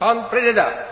Pan Preda.